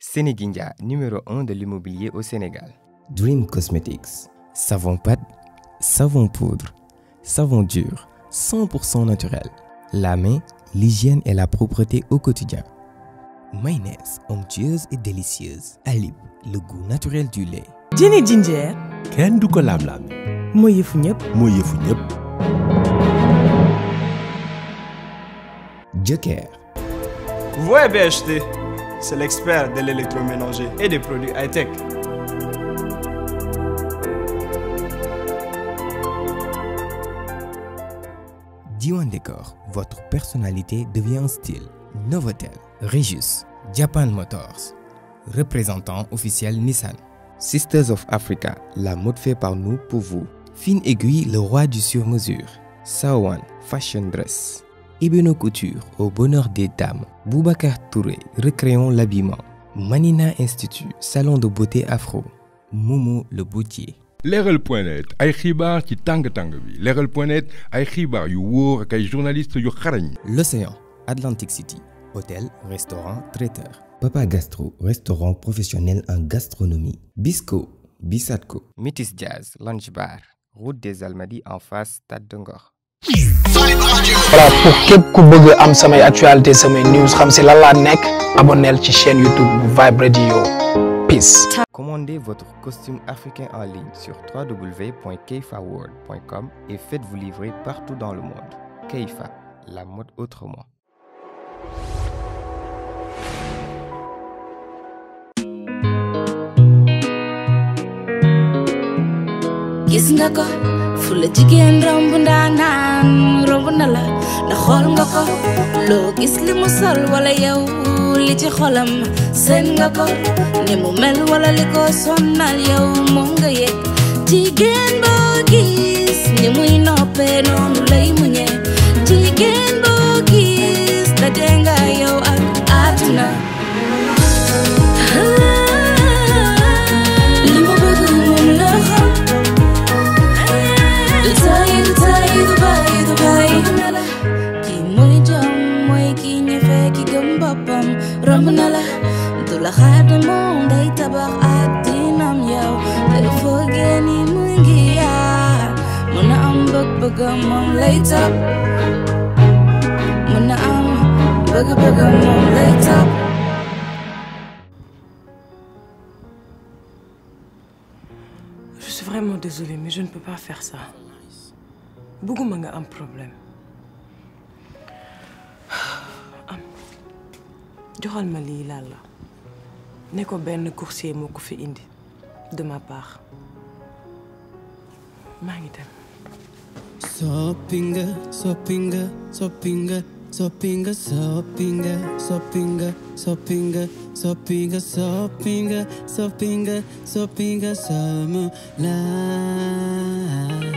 Sénéginja, numéro 1 de l'immobilier au Sénégal. Dream Cosmetics. Savon pâte, savon poudre, savon dur, 100% naturel. La main, l'hygiène et la propreté au quotidien. Mayonnaise, onctueuse et délicieuse. Alib, le goût naturel du lait. Jenny Ginger. Ken du lam Moye Joker. Ouais, BHT c'est l'expert de l'électroménager et des produits high-tech. Diwan Décor, votre personnalité devient un style. Novotel, Regis, Japan Motors, représentant officiel Nissan. Sisters of Africa, la mode fait par nous pour vous. Fine Aiguille, le roi du sur-mesure. Sawan, Fashion Dress. Ibeno Couture au bonheur des dames, Boubacar Touré recréons l'habillement, Manina Institut salon de beauté afro, Momo le boutier. L'RL.net, ay qui ci tangue L'RL.net, bi you ay L'Océan Atlantic City hôtel restaurant traiteur. Papa Gastro restaurant professionnel en gastronomie. Bisco Bisatco. Métis Jazz Lunch Bar route des Almadies en face Stade voilà pour képp ku bëgg am samay actualité samay news xam si lan abonnez-vous chaîne YouTube bu Vibe peace. Commandez votre costume africain en ligne sur www.keifaworld.com et faites-vous livrer partout dans le monde. Keifa, la mode autrement. gis fulla jigéen romb ndaanaan romb na la na xool nga ko loo gis li mu sol wala yow li ci xolam seen nga ko ni mu mel wala li ko sonnal yow moom nga yëg jigéen boo gis ni muy noppee noonu lay muñee Dubai, Dubai ki mooy jom mooy ki ñëfe ki gëm boppam romb na la du la xaar de moom day tabax ak dinam yow day foogee ni mu ngi yaa mën na am bëgg-bëggam moom lay topp mën am bëgg-bëggam lay topp Je suis vraiment désolé mais je ne peux pas faire ça. bugguma manga am problème am joxal ma lii laal la ne ko benn coursier moo fi indi de ma part sopinga, sopinga, sopinga, sopinga, sopinga, sopinga, sopinga, sopinga, sopinga, sopinga, sopinga, sopinga, sopinga, sopinga, sopinga,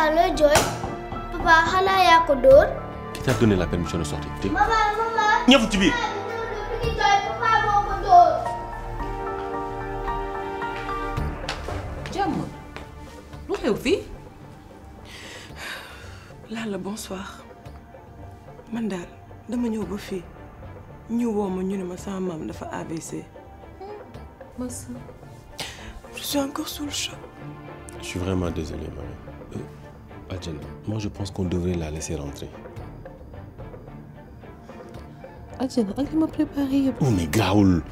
Moussa joy. papa ko qui t'a donné la permission de sortir. maman maman. bonsoir mandal, dama ñëw ba ñu ñu sama Je suis encore sous le choc. Je suis vraiment désolé maman. Adjana, moi je pense qu'on devrait la laisser rentrer. Adjana, elle m'a préparé. Oh mais Gaoul,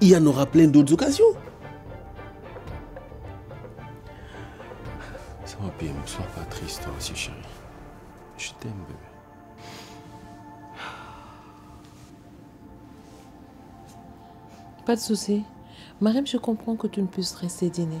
il y en aura plein d'autres occasions. Ça va bien, ne sois pas triste aussi chérie. Je t'aime bébé. Pas de soucis, Marem, je comprends que tu ne puisses rester dîner.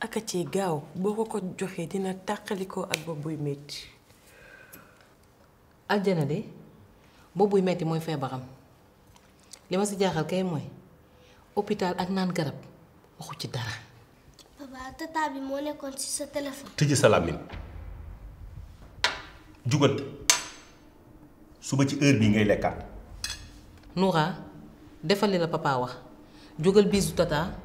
aka ci gaaw boko ko joxe dina takaliko ak boobuy metti aljana de boobuy metti moy febaram lima ci jaxal kay moy hôpital ak nan garab waxu ci dara papa tata bi moo nekkoon ci sa telephone tëj salamine làmmiñ suba ci heure bi ngay Noura defal li papa wax djugal bisu tata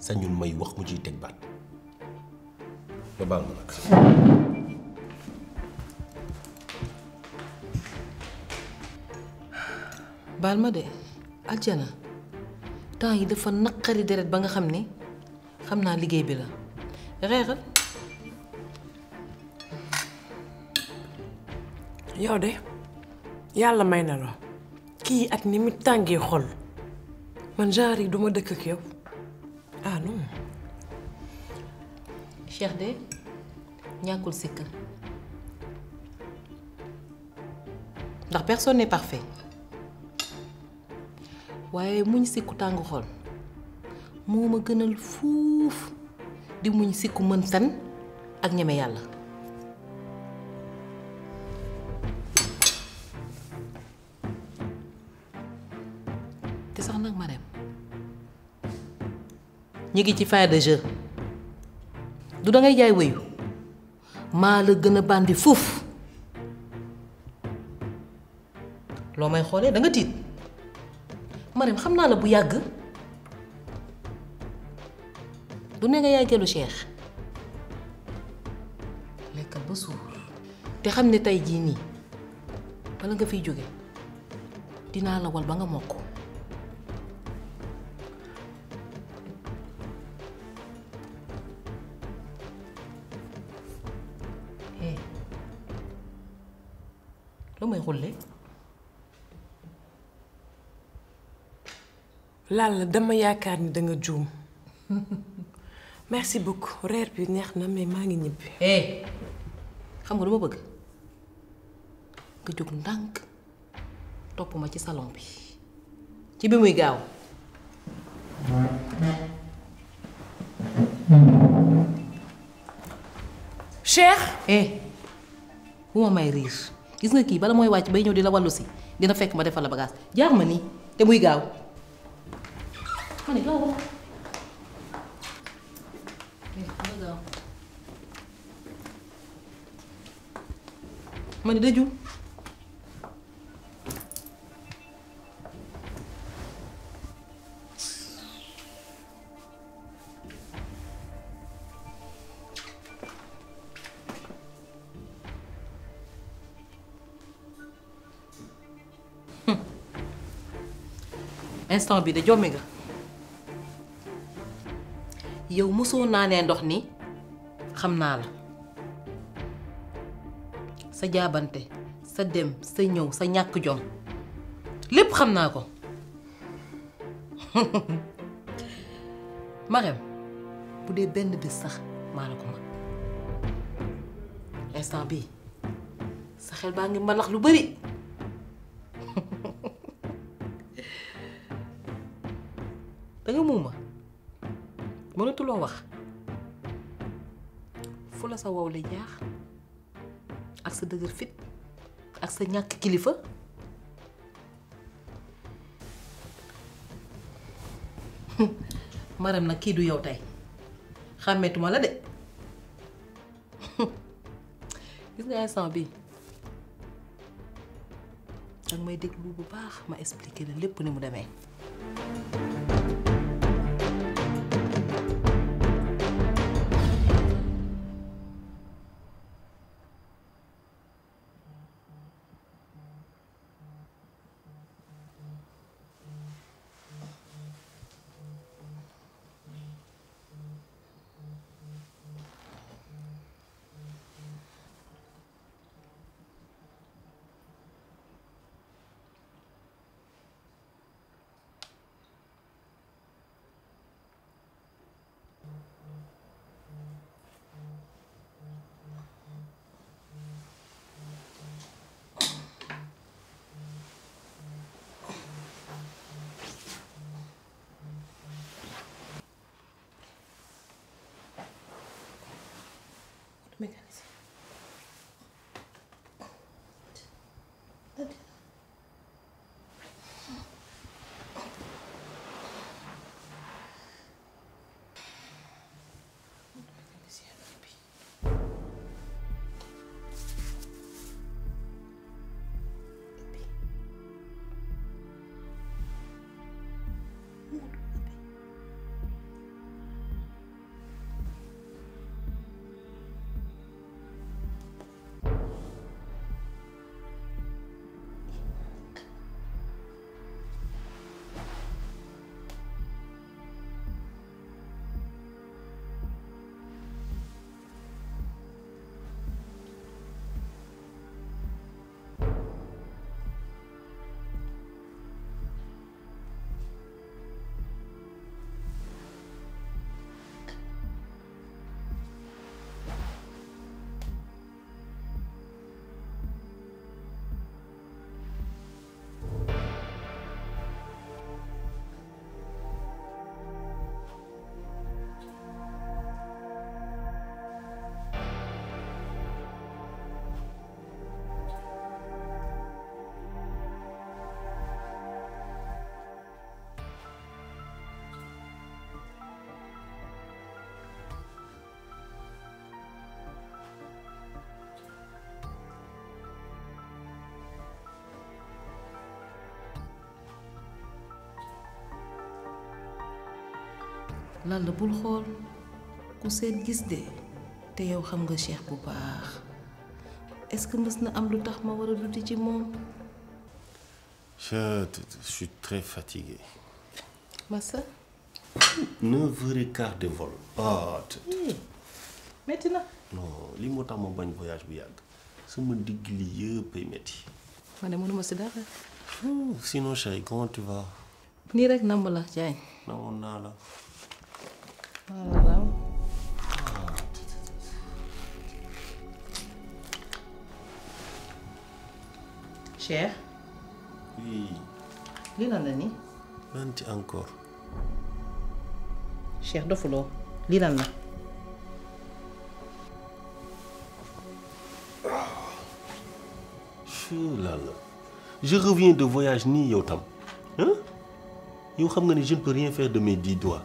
sañul may wax mu ciy teg baat ba baal ma nag baal ma de aljana temps yi dafa naqari deret ba nga xam ne xam naa liggéey bi la reeral yow de yàlla may na la kii ak ni mu tàngee xol man genre yi duma dëkk ak Cheikh de ñàkkul sikk ndax personne n'est parfait Oui, muñ sikku xol gënal fouf di muñ sikku mën tan ak ñeme yalla te sax nag ma ngi ci du dangay jaay wéyu maa la gën a bàndi foofu loo may xoolee danga nga ma Marème xam naa la bu yàgg du ne nga yaay gelu Cheikh lekkal ba suur te xam ne tey jii nii bala nga fiy jóge dinaa la wal ba nga mokk lu may xulle Lalla dama yaakaar carne de juum merci beaucoup reer bi neex na mais maa ngi ñibbi eh xam nga lu ma bëgg nga jóg ndànk topp ma ci salon bi ci bi muy gaaw gis nga kii bala mooy wàcc bay ñëw di la wàllu si dina fekk ma defal la bagage jaar ma nii te muy gaaw ma ne gaaw ma ne daju instant bi de jommi nga yow mosoo naanee ndox ni xam naa la sa jaabante sa dem sa ñëw sa ñàkk jom lépp xam naa ko Marème bu dee benn bés sax maa la ko mag instant bii sa xel baa ngi mbalax lu bari loo wax fu la sa wow li jaax ak sa dëgër fit ak sa ñàkk kilifa maram nag kii du yow tey xàmmeetuma la de gis nga instant bii danga may déglu bu baax ma expliqué la lépp ni mu demee 没关系。lan la bul xool ku seet gis de te yow xam nga Cheikh bu baax est-ce que mës na am lu tax ma war a duti ci moom. je suis très fatigué. Massa. 9 heures et quart de vol. ah métti na. non li moo tax ma bañ voyage bu yàgg sama digg li yëpp ay métti. ma ne mënuma si dara. Oh, sinon Cheikh comment tu vas. nii rek namb la Diagne. namoon naa la. Cher. Oui. li lan encore. Cher Dofolo, lii lan ah. je reviens de voyage ni yotam. Hein? yow je ne peux rien faire de mes dix doigts.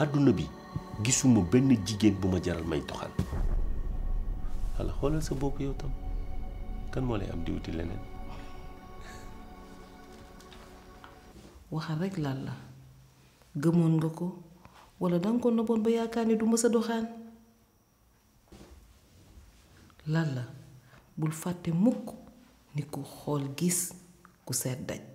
aduna bi gisuma benn jigéen bu ma jaral may doxaan walla xoolal sa bopp yow tam kan moo lay am di wuti leneen waxal rek lan la gëmoon nga ko wala danga ko nëbboon ba yaakaar ni du mës a doxaan lan la bul fàtte mukk ni ku xool gis ku seet daj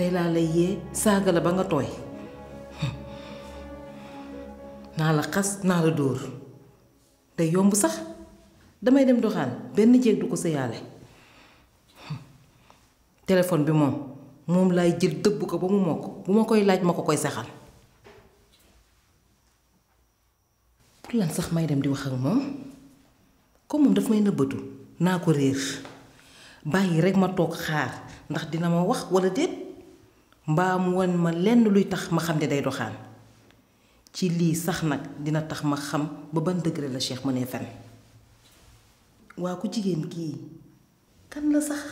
tey laa la yee saaga la ba nga tooy naa la xas naa la dóor te yomb sax damay dem doxaan benn jéeg du ko sëyaale téléphone bi moom moom laay jël dëbb ko ba mu mokk bu ma koy laaj ma ko koy saxal pour lan sax may dem di wax ak moom comme moom daf may nëbbatu naa ko réer bàyyi rekk ma toog xaar ndax dina ma wax walla déet mbaam mu wan ma lenn luy tax ma xam ne day doxaan ci lii sax nag dina tax ma xam ba ban degré la Cheikh mënee fen waa ku jigéen kii kan la sax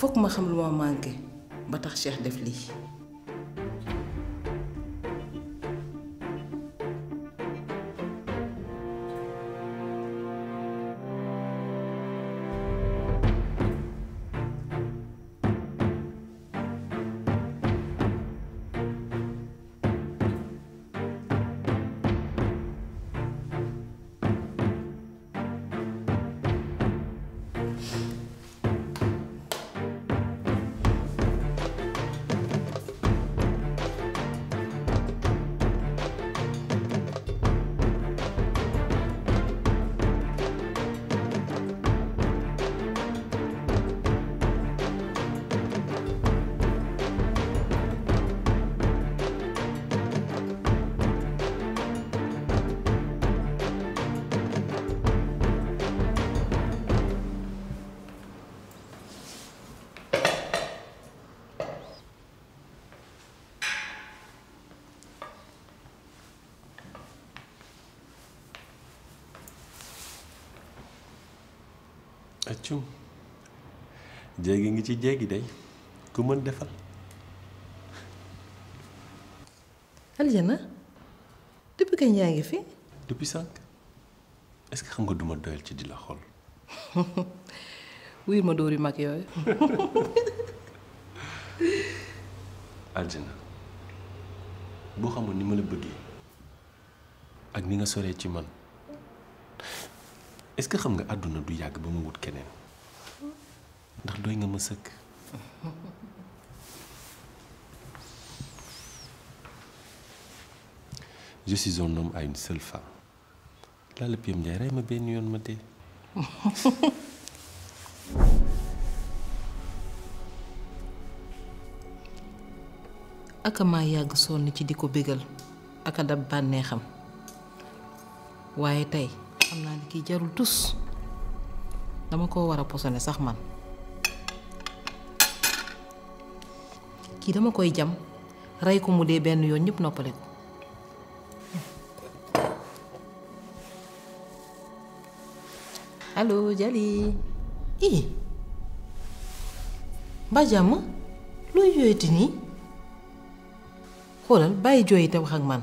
فوق ما خملوا مانكي باتاخ شيخ دف لي accum jeegi ngi ci jeegi day ku mën defal aljana depuis kañ yaa fi depuis sank est ce que xam nga duma doyal ci di xol xool ma doori mak yoy aljana bu xamone ni ma la bëggee ak ni nga soree ci man est-ce xam nga àdduna du yàgg ba mu wut keneen ndax doy nga ma sëkk. je suis un homme à une seule rey ma benn yoon ma dee. aka yàgg sonn ci di ko bégal aka dab bànneexam waaye tey. xam naa ni kii jarul tus dama ko war a posone ya, sax man kii dama koy jam rey ko mu dee benn yoon ñëpp noppale ko allo jali i ba jàmm looy jooyati nii xoolal bàyyi jooyi te wax ak man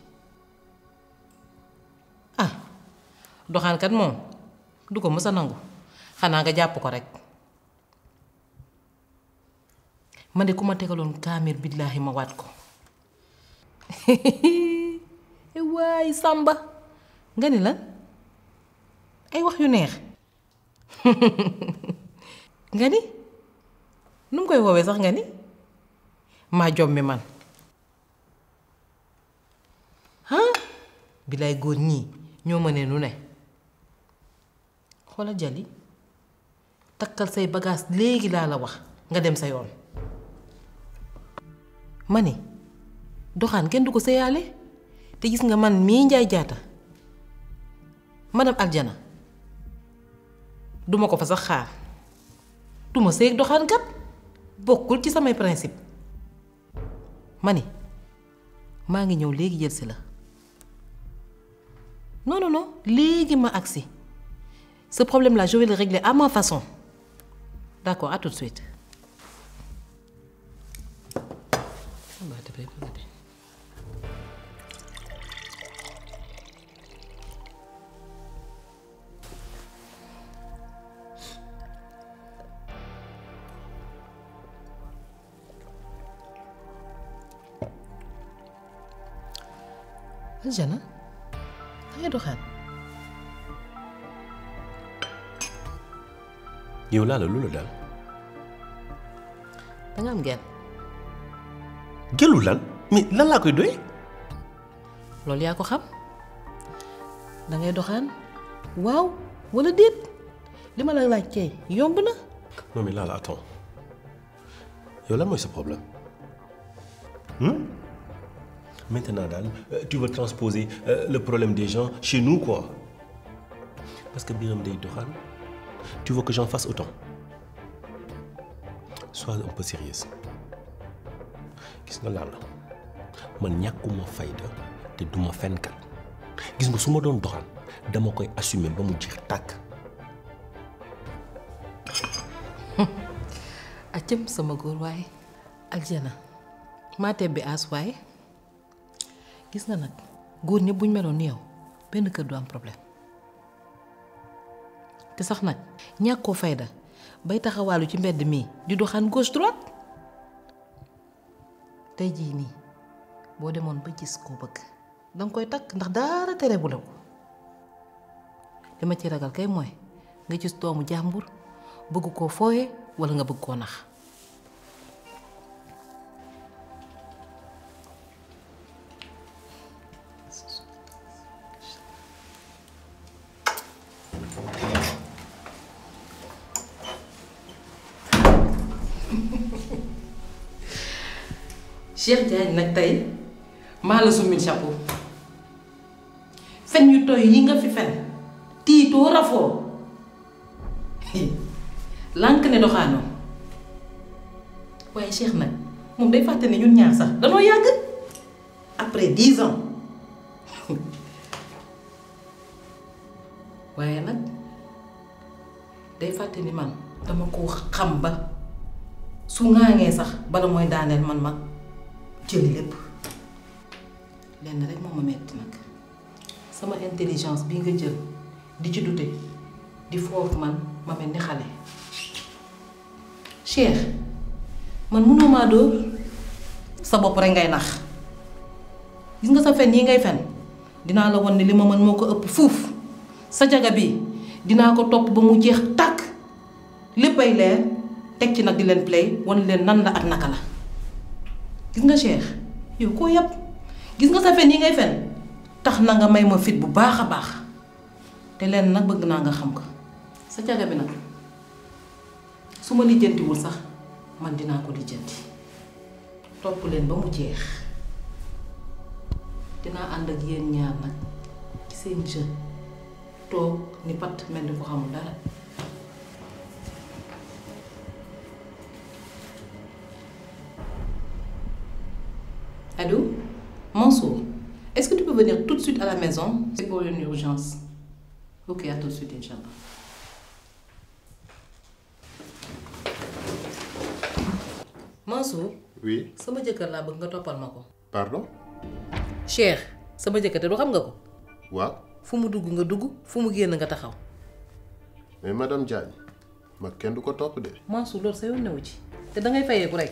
kat mom du ko mësa nangu xana nga japp ko rek man de ku ma tegaloon kaamir ma wat ko e way samba ngani la ay wax yu neex ngani num koy wowe sax ngani ni jommi man ha bilay gor ñi ñoo mëne nu ne xoola jali takkal say bagaas léegi laa la wax nga dem sa yoon ma ni doxaan kenn du ko sëyaale te gis nga man mii njaay jaata madame aljana duma ko fa sax xaar duma sëy doxaan kat bokkul ci samay principe ma ne maa ngi ñëw léegi jël si la non non léegi ma agsi Ce problème-là, je vais le régler à ma façon. D'accord, à tout de suite. Jana, yow laa la lu la dal. da nga am gel. gelu lan mais lan laa koy doy. loolu yaa ko xam da ngay doxaan waaw walla déet li ma la laaj kay yomb na. non mais Lalla attends yow lan mooy sa problème hum? maintenant daal tu veux transposer euh, le problème des gens chez nous quoi parce que biram day doxaan. Tu veux que j'en fasse autant Sois un peu sérieuse. gis nga laal man ne fayda pas duma fenkat gis nga su ma doon droit dama koy assumer ba mu jeex A ce sama góor way aljana Ma tebbi as way gis nga nak góor ne buñ meloon ni yow kër du am problème. te sax nag ñàkk koo fayda bay taxawaalu ci mbedd mi di doxaan gauche tey jii nii boo demoon ba gis koo bëgg danga koy takk ndax dara tere bu la ko li ma ci ragal kay mooy nga gis doomu jàmbur bëgg koo fooye wala nga bëgg koo nax Cheikh Diagne nag tey maa la sumil chapeau fen yu toy yi nga fi fen tiitoo rafoo lànk ne doxaanoo waaye Cheikh nag moom day fàtte ne ñun ñaar sax danoo yàgg après dix ans waaye nag day fàtte ni man dama ko xam ba su ŋaaŋee sax bala mooy daaneel man ma jëli lépp lenn rek moo ma metti nag sama intelligence bi nga jël di ci dute di foofu man ma mel ni xale Cheikh man mënoo maa dóor sa bopp rek ngay nax gis nga sa fen yi ngay fen dinaa la won ne li ma mën ëpp fuuf sa jaga bi dinaa ko topp ba mu jeex tàkk léppay leer teg ci nag di leen play wan leen nan la ak naka gis nga Cheikh yow koo yëpp gis nga sa fen yi ngay fen tax na nga may ma fit bu baax a baax te leen nag bëgg naa nga xam ko sa caga bi nag su ma lijjantiwul sax man dinaa ko lijjanti topp leen ba mu jeex dinaa ànd ak yéen ñaar nag ci seen jeu toog ni pat mel ni ku xamul dara Allô est-ce que tu peux venir tout de suite à la maison C'est pour une urgence. Ok, à tout de suite, Inch'Allah. Mansour oui sama jëkkër la bëgg nga ma pardon. Cheikh sama jëkkër te xam nga ko. Wa fu mu dugg nga dugg fu mu mais madame Diagne ma kenn du ko de. Mansour sa yone ci te da ngay rek.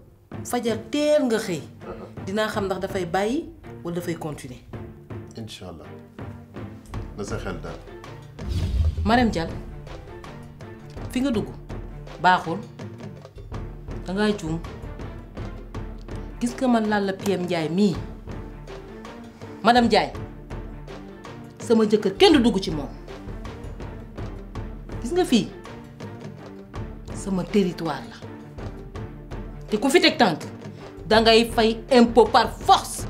fajar teel nga xëy dinaa xam ndax dafay bàyyi wala dafay continuer incha allah na sa xel daal Marème Dial fi nga dugg baaxul dangaa juum gis nga man lan la PM Ndiaye mii madame Ndiaye sama jëkkër kenn du dugg ci moom gis nga fii sama territoire la tu par force.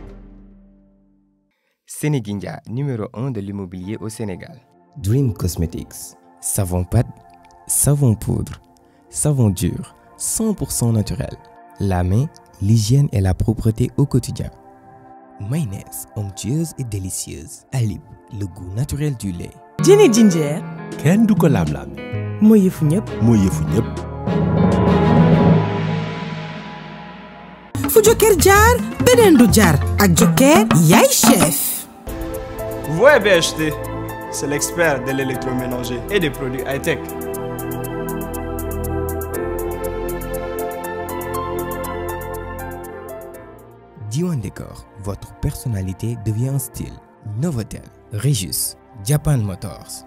Sénégindia numéro 1 de l'immobilier au Sénégal. Dream Cosmetics. savon pâte savon poudre savon dur 100% naturel. La main, l'hygiène et la propreté au quotidien. Mayonnaise onctueuse et délicieuse. Alib, le goût naturel du lait. Jenny Ginger. Ken du lam-lam joker jar du ak joker Vous chef. c'est l'expert de l'électroménager et des produits high-tech. Diwan Décor, votre personnalité devient un style. Novotel, Regis, Japan Motors,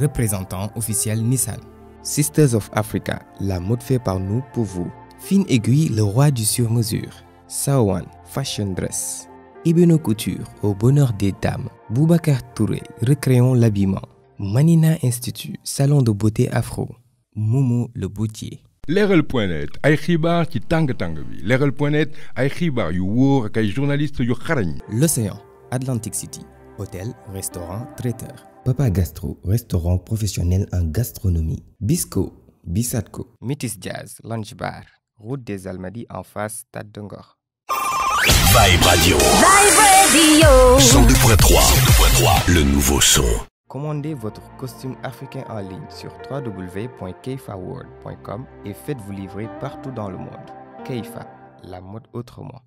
représentant officiel Nissan. Sisters of Africa, la mode fait par nous pour vous. Fine Aiguille, le roi du sur-mesure. Sawan, Fashion Dress. Ibeno Couture, au bonheur des dames. Boubacar Touré, recréons l'habillement. Manina Institute, salon de beauté afro. Momo le boutier. L'RL.net, ay xibar ci tangue tang bi ay xibar yu woor ak L'Océan Atlantic City hôtel restaurant traiteur. Papa Gastro restaurant professionnel en gastronomie. Bisco Bisatko. Métis Jazz lunch bar route des Almadies en face Stade d'Ungor. Vibe Radio. Le nouveau son. Commandez votre costume africain en ligne sur www.keifaworld.com et faites-vous livrer partout dans le monde. Keifa, la mode autrement.